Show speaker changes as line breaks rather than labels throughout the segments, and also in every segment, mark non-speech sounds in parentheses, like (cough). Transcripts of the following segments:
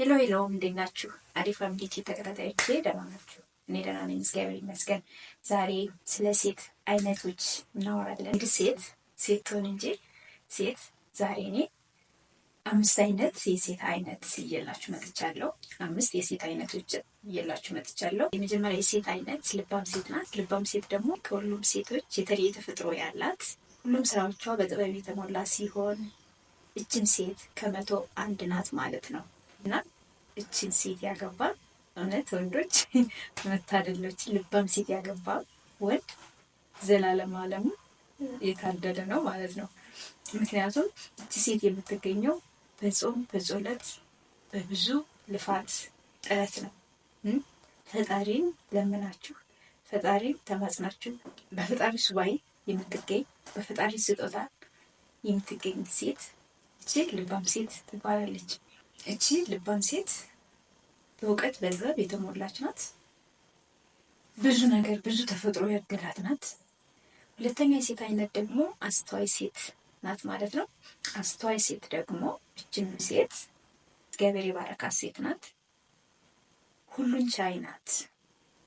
ሄሎ ሄሎ፣ እንዴት ናችሁ? አሪፍ አምዲቲ ተከታታዮች ደህና ናችሁ? እኔ ደህና ነኝ፣ እግዚአብሔር ይመስገን። ዛሬ ስለ ሴት አይነቶች እናወራለን። እንግዲህ ሴት ሴት ትሆን እንጂ ሴት ዛሬ እኔ አምስት አይነት የሴት አይነት እየላችሁ መጥቻለሁ። አምስት የሴት አይነቶች እየላችሁ መጥቻለሁ። የመጀመሪያ የሴት አይነት ልባም ሴት ናት። ልባም ሴት ደግሞ ከሁሉም ሴቶች የተለየ ተፈጥሮ ያላት ሁሉም ስራዎቿ በጥበብ የተሞላ ሲሆን እችም ሴት ከመቶ አንድ ናት ማለት ነው። እና እችን ሴት ያገባ እውነት ወንዶች መታደሎች፣ (laughs) ልባም ሴት ያገባ ወንድ ዘላለም አለሙ የታደለ ነው ማለት ነው። ምክንያቱም እች ሴት የምትገኘው በጾም በጸሎት በብዙ ልፋት ጥረት ነው። ፈጣሪን ለምናችሁ ፈጣሪን ተማጽናችሁ በፈጣሪ ሱባኤ የምትገኝ በፈጣሪ ስጦታ የምትገኝ ሴት እቺ ልባም ሴት ትባላለች። እቺ ልባም ሴት በእውቀት በጥበብ የተሞላች ናት። ብዙ ነገር ብዙ ተፈጥሮ ያገላት ናት። ሁለተኛ የሴት አይነት ደግሞ አስተዋይ ሴት ናት ማለት ነው። አስተዋይ ሴት ደግሞ እችም ሴት ገበሬ የባረካት ሴት ናት። ሁሉን ቻይ ናት።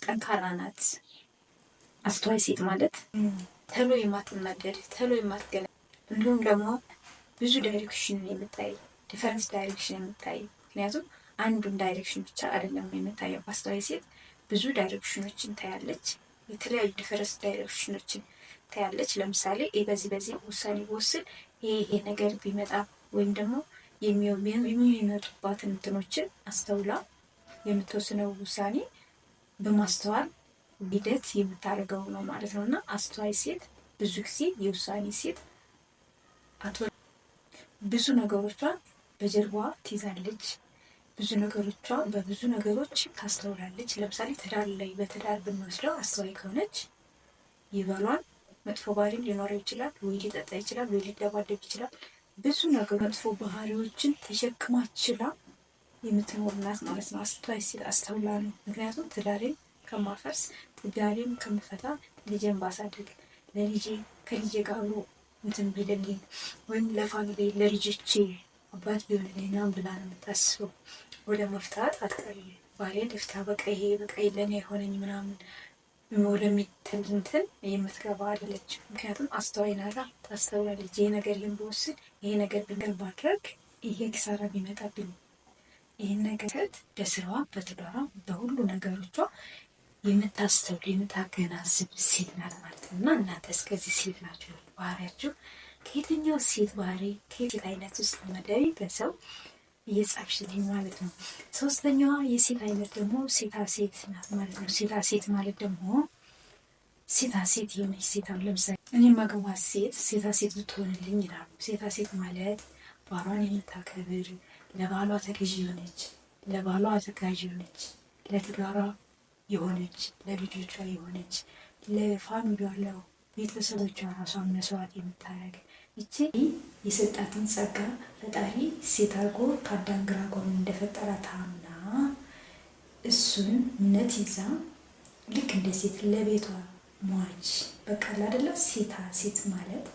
ጠንካራ ናት። አስተዋይ ሴት ማለት ተሎ የማትናደድ ተሎ የማትገለ እንዲሁም ደግሞ ብዙ ዳይሬክሽን የምታይ ዲፈረንስ ዳይሬክሽን የምታይ ምክንያቱም አንዱን ዳይሬክሽን ብቻ አይደለም የምታየው። አስተዋይ ሴት ብዙ ዳይሬክሽኖችን ታያለች፣ የተለያዩ ዲፈረንስ ዳይሬክሽኖችን ታያለች። ለምሳሌ በዚህ በዚህ ውሳኔ ወስን ይሄ ነገር ቢመጣ ወይም ደግሞ የሚመጡባትን እንትኖችን አስተውላ የምትወስነው ውሳኔ በማስተዋል ሂደት የምታደርገው ነው ማለት ነው። እና አስተዋይ ሴት ብዙ ጊዜ የውሳኔ ሴት አቶ ብዙ ነገሮቿን በጀርባዋ ትይዛለች። ብዙ ነገሮቿ በብዙ ነገሮች ታስተውላለች። ለምሳሌ ትዳር ላይ በትዳር ብንወስደው አስተዋይ ከሆነች የባሏን መጥፎ ባህሪም ሊኖረው ይችላል ወይ ሊጠጣ ይችላል ወይ ሊደባደብ ይችላል። ብዙ ነገር መጥፎ ባህሪዎችን ተሸክማ ችላ የምትኖር ማለት ነው። አስተዋይ ሲል አስተውላ ነው። ምክንያቱም ትዳሬን ከማፈርስ ትዳሬን ከምፈታ ልጄን ባሳደግ ለልጄ ከልጄ ጋሩ እንትን ቢልልኝ ወይም ለፋሚሊ ለልጆቼ አባት ቢሆንልኝ ምናምን ብላ ነው የምታስበው። ወደ መፍታት አትቀልም። ባሌ ልፍታ በቃ ይሄ በቃ ለእኔ የሆነኝ ምናምን ወደሚትንትን የምትገባ አለች። ምክንያቱም አስተዋይ ናታ፣ ታስተውላለች። ይሄ ነገር ይህን በወስድ ይሄ ነገር ብንገር ባድረግ፣ ይሄ ኪሳራ ቢመጣብኝ፣ ይህን ነገር በስራዋ በትዳሯ በሁሉ ነገሮቿ የምታስተውል የምታገናዝብ ሴት ናት ማለት ነው። እና እናንተ እስከዚህ ሴት ናችሁ ባህሪያችሁ ከየትኛው ሴት ባህሪ ከሴት አይነት ውስጥ መደቢ በሰው እየጻፍሽልኝ ማለት ነው። ሶስተኛዋ የሴት አይነት ደግሞ ሴታ ሴት ናት ማለት ነው። ሴታ ሴት ማለት ደግሞ ሴታ ሴት የሆነች ሴት አሁን ለምሳሌ እኔ ማገባት ሴት ሴታ ሴት ብትሆንልኝ ይላሉ። ሴታ ሴት ማለት ባሏን የምታከብር ለባሏ ተገዥ የሆነች ለባሏ አዘጋጅ የሆነች ለትዳሯ የሆነች ለልጆቿ የሆነች ለፋሚሊ ያለው ቤተሰቦቿ ራሷን መስዋዕት የምታደርግ ይቺ የሰጣትን ጸጋ ፈጣሪ ሴት አድርጎ ከአዳም ግራ ጎኑን እንደፈጠራት አምና እሱን እምነት ይዛ ልክ እንደ ሴት ለቤቷ ሟች በቃል አደለ ሴታ ሴት ማለት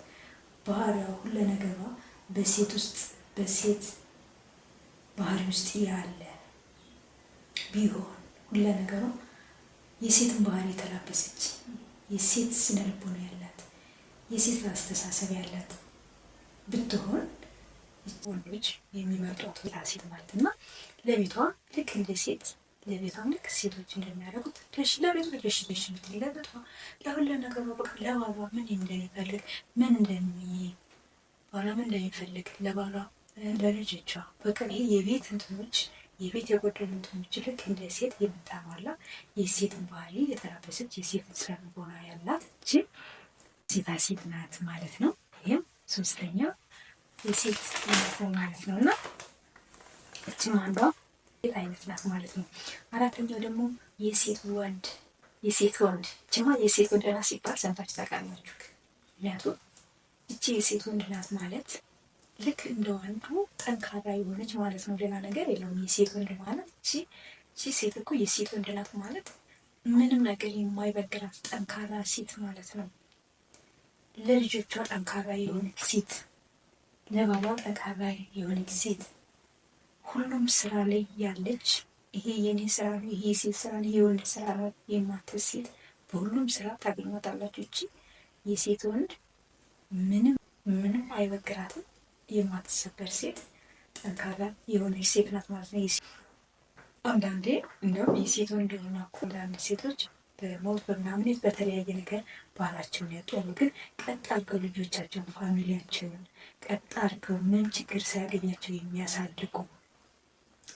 ባህሪዋ ሁለ ነገሯ በሴት ውስጥ በሴት ባህሪ ውስጥ ያለ ቢሆን ሁለ ነገሯ የሴትን ባህሪ የተላበሰች የሴት ስነ ያላት የሴት አስተሳሰብ ያላት ብትሆን ወንዶች የሚመርጡት ሴት ማለት እና ለቤቷ ልክ እንደ ሴት ለቤቷም ልክ ሴቶች እንደሚያደርጉት ደሽ ለቤቷ ደሽ ደሽ የምትል ለቤቷ ለሁለ ነገሩ በቃ ለባሏ ምን እንደሚፈልግ ምን እንደሚ ባሏ ምን እንደሚፈልግ ለባሏ ለልጆቿ በቃ ይሄ የቤት እንትኖች የቤት የጎደሉ እንትኖች ልክ እንደ ሴት የምታሟላ የሴትን ባህሪ የተላበሰች የሴትን ስራ ልቦና ያላት ሴታ ሴት ናት ማለት ነው። ይህም ሶስተኛ የሴት ማለት ነው ማለት ነው እና እችም አንዷ ሴት አይነት ናት ማለት ነው። አራተኛው ደግሞ የሴት ወንድ የሴት ወንድ እችማ የሴት ወንድ ናት ሲባል ሰምታችሁ ታውቃላችሁ። ምክንያቱም እቺ የሴት ወንድ ናት ማለት ልክ እንደ ወንዱ ጠንካራ የሆነች ማለት ነው። ሌላ ነገር የለውም። የሴት ወንድ ማለት እቺ እቺ ሴት እኮ የሴት ወንድ ናት ማለት ምንም ነገር የማይበግራት ጠንካራ ሴት ማለት ነው። ለልጆቿ ጠንካራ የሆነች ሴት ለባሏ ተቃራኒ የሆነች ሴት ሁሉም ስራ ላይ ያለች ይሄ የኔ ስራ ነው፣ ይሄ የሴት ስራ ነው፣ የወንድ ስራ ነው የማትል ሴት በሁሉም ስራ ታገኟታላችሁ። እቺ የሴት ወንድ ምንም ምንም አይበግራትም የማትሰበር ሴት ጠንካራ የሆነች ሴት ናት ማለት ነው። አንዳንዴ እንደውም የሴት ወንድ የሆኑ አንዳንድ ሴቶች በሞት በምናምን በተለያየ ነገር ባህላቸውን ያጡ ግን ቀጥ አድርገው ልጆቻቸውን፣ ፋሚሊያቸውን ቀጥ አድርገው ምን ችግር ሳያገኛቸው የሚያሳድጉ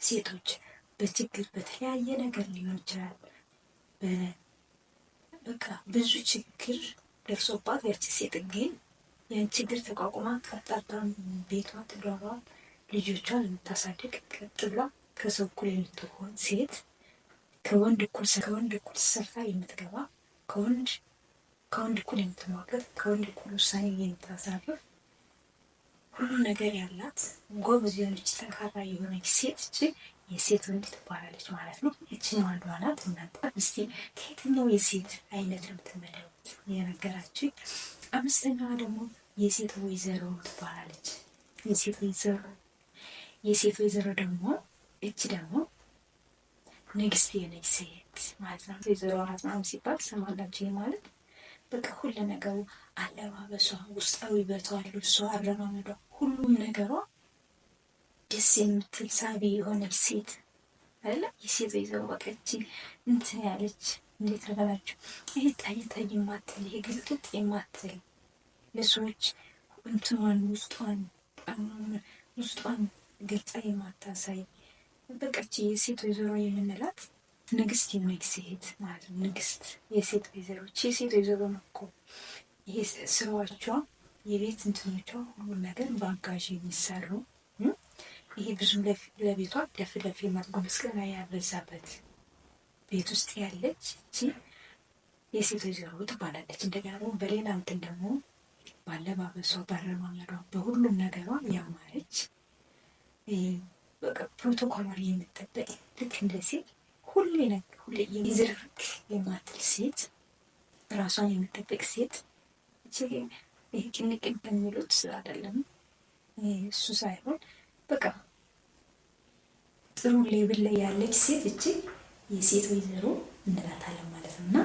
ሴቶች በችግር በተለያየ ነገር ሊሆን ይችላል። በቃ ብዙ ችግር ደርሶባት ያቺ ሴት ግን ያን ችግር ተቋቁማ ቀጥ አድርጋ ቤቷ ትዳሯ ልጆቿን የምታሳድግ ቀጥ ብላ ከሰው እኩል የምትሆን ሴት ከወንድ እኩል ሰርታ የምትገባ ከወንድ እኩል የምትሟገት ከወንድ እኩል ውሳኔ የምታሳርፍ ሁሉ ነገር ያላት ጎበዝ የሆነች ጠንካራ የሆነች ሴት እች የሴት ወንድ ትባላለች ማለት ነው። እችን አንዷ ናት። እናንተ እስቲ ከየትኛው የሴት አይነት ነው የምትመደቡት? የነገራችሁ አምስተኛዋ ደግሞ የሴት ወይዘሮ ትባላለች። የሴት ወይዘሮ የሴት ወይዘሮ ደግሞ እች ደግሞ ንግስት የነች ሴት ማለት ነው። ወይዘሮ ናት ምናምን ሲባል ስማላችሁ ይህ ማለት በቃ ሁሉ ነገሩ አለባበሷ፣ ውስጣዊ በቷ፣ ልብሷ፣ አረማመዷ፣ ሁሉም ነገሯ ደስ የምትል ሳቢ የሆነች ሴት አለ የሴት ወይዘሮ በቀቺ እንትን ያለች እንዴት ልበላችሁ፣ ይሄ ጣይ ጣይ የማትል ይሄ ግልጥጥ የማትል ለሰዎች እንትኗን ውስጧን ውስጧን ግልጻ የማታሳይ በቃች የሴት ወይዘሮ የምንላት ንግስት የሆነች ሴት ማለት ነው። ንግስት የሴት ወይዘሮ ይቺ ሴት ወይዘሮ ነው እኮ ይሄ ስራዋቸው የቤት እንትኖቿ፣ ሁሉ ነገር በአጋዥ የሚሰሩ ይሄ ብዙም ለቤቷ ደፍ ደፍ የማጎመስቀል ያበዛበት ቤት ውስጥ ያለች እቺ የሴት ወይዘሮ ትባላለች። እንደገና ደግሞ በሌላ እንትን ደግሞ ባለባበሷ፣ ባረማመዷ፣ በሁሉም ነገሯ ያማረች በቃ ፕሮቶኮሏን የምጠበቅ ልክ እንደ ሴት ሁሌ ነገር ሁሌ የሚዝርክ የማትል ሴት፣ ራሷን የምጠበቅ ሴት ይህ ቅንቅን በሚሉት አይደለም እሱ ሳይሆን በቃ ጥሩ ሌብል ላይ ያለች ሴት እቺ የሴት ወይዘሮ እንላታለን ማለት ነው። እና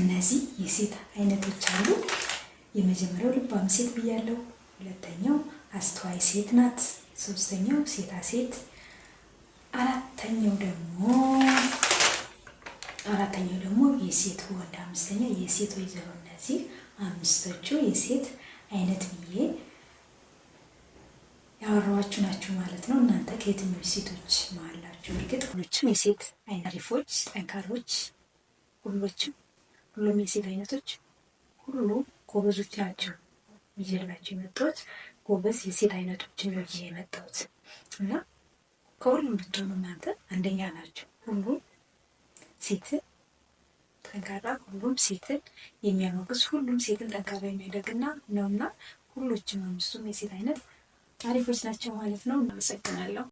እነዚህ የሴት አይነቶች አሉ። የመጀመሪያው ልባም ሴት ብያለው። ሁለተኛው አስተዋይ ሴት ናት። ሶስተኛው ሴታሴት፣ አራተኛው ደግሞ አራተኛው ደግሞ የሴት ወንድ፣ አምስተኛ የሴት ወይዘሮ። እነዚህ አምስቶቹ የሴት አይነት ብዬ ያወራኋችሁ ናችሁ ማለት ነው። እናንተ ከየትኞቹ ሴቶች መሀል ናቸው? እርግጥ ሁሎችም የሴት አሪፎች፣ ጠንካሮች፣ ሁሎችም ሁሉም የሴት አይነቶች ሁሉ ጎበዞች ናቸው ይዤላችሁ የመጣሁት። ጎበዝ የሴት አይነቶች ነው ይዤ የመጣሁት እና ከሁሉም ብትሆኑ እናንተ አንደኛ ናቸው። ሁሉም ሴትን ጠንካራ፣ ሁሉም ሴትን የሚያሞግስ፣ ሁሉም ሴትን ጠንካራ የሚያደርግና ነውና ሁሎችም አምስቱም የሴት አይነት አሪፎች ናቸው ማለት ነው። እናመሰግናለሁ።